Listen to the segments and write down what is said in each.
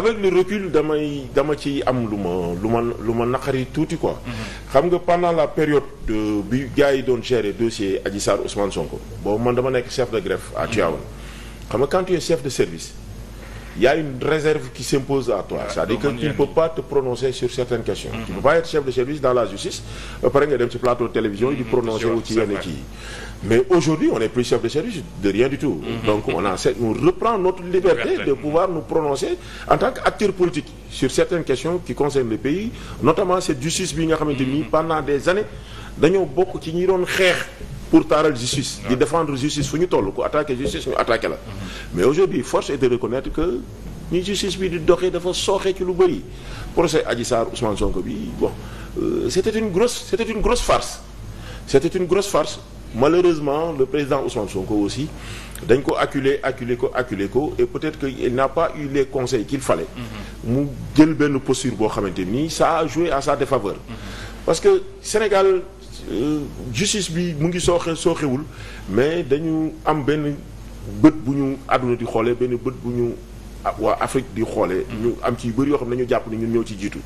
avec le recul damay dama ci am lu ma lu ma lu ma naqari tuuti quoi. Mhm. xam nga pendant la période bi gaa yi doon gérer dossier Adji Sarr Ousmane Sonko boobu man dama nekk chef de greffe à Tivaouane xam nga quand tu chef de service. il une réserve qui s'impose à ah, c'est-à-dire que tu ne peux pas te prononcer sur certaines questions tu ne peux pas être chef de service dans la justice ba pare nga dem ci plateau de télévision di mm-hmm. prononcer wu ci yenn kii mais aujourd'hui on n'est plus chef de service de rien du tout mm-hmm. donc on a on reprend notre liberté de pouvoir nous prononcer en tant qu'acteur politique sur certaines questions qui concernent le pays notamment cette justice xamante ni mm-hmm. pendant des années dañoo bokk ci xeex pour taaral justice di défendre justice fu ñu toll ku attaqué justice ñu attaqué la mais aujourd'hui force est de reconnaître que ni justice bi di doxee dafa sooxee ci lu bëri procès Adji Sarr Ousmane Sonko bi euh, c'était une grosse c'était une grosse farce c'était une grosse farce malheureusement le président Ousmane Sonko aussi dañ ko acculé acculé ko acculé ko et peut-être que il n'a pas eu les conseils qu'il fallait mm-hmm. mu jël benn posture boo xamante nii ça a joué à sa défaveur mm-hmm. parce Euh, justice bi mu ngi sooxe sooxewul mais dañu am benn bët bu ñu àdduna di xoolee benn bët bu ñu waa Afrique di xoolee. Mm. ñu am ci yu bëri yoo xam ne ñu jàpp ni ñun ñoo ci jiitu.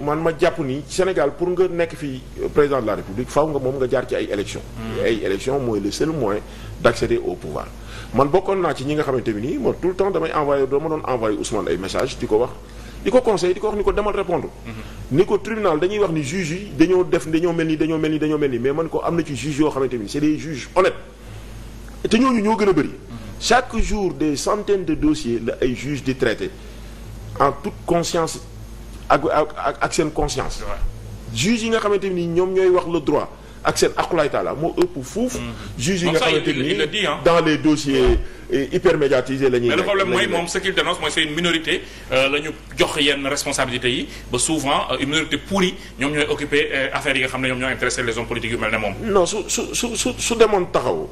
man ma jàpp nii Sénégal pour nga nekk fi euh, président de la République faaw nga moom nga jaar ci ay élections. Mm. ay élections mooy le seul moyen d'accéder au pouvoir. man bokkoon naa ci ñi nga xamante bi nii man tout le temps damay envoyé dama doon envoyé Ousmane ay message di ko wax. di ko conseil di ko wax ni ko demal répondre mhm. ni ko tribunal dañuy wax ni juge yi dañoo def dañoo mel ni dañoo mel ni dañoo mel ni mais man ko am na ci juge yoo xamante ni c'est des juges honnêtes te ñooñu ñoo gën a bëri mhm. chaque jour des centaines de dossiers la ay juges di traité en tout conscience ak ak ak seen conscience juge yi nga xamante ni ñoom ñooy wax le droit ak seen aqulaay la moo ëpp fuuf mhm. juge yi nga xamante ni dans les dossiers hypermédiatisé la ñuy mais le problème mooy moom ce qu'il dénonce mooy c'est une minorité euh, la jox yenn responsabilités yi ba souvent euh, une minorité pourrie ñoom ñooy occupé euh, affaires yi nga xam ne ñoom ñoo intéressé les hommes politiques yu mel ne moom non su su su demoon taxaw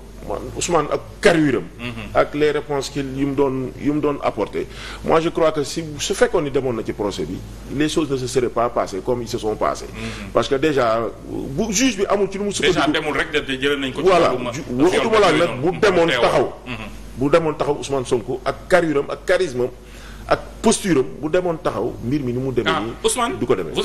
man ak carrière mhm. ak les réponses qu'il yu mu doon yu doon apporté moi je crois que si su fekkoon ni demoon na ci procès bi les choses ne se seraient pas passées comme ils se sont passées mhm. parce que déjà bu juge bi amul ci lu mu sukkandiku bu demoon taxaw mhm. bu demoon taxaw Ousmane Sonko ak carrure ak charisme ak posture bu demoon taxaw mbir mi ni mu demee ah, nii. du ko demee.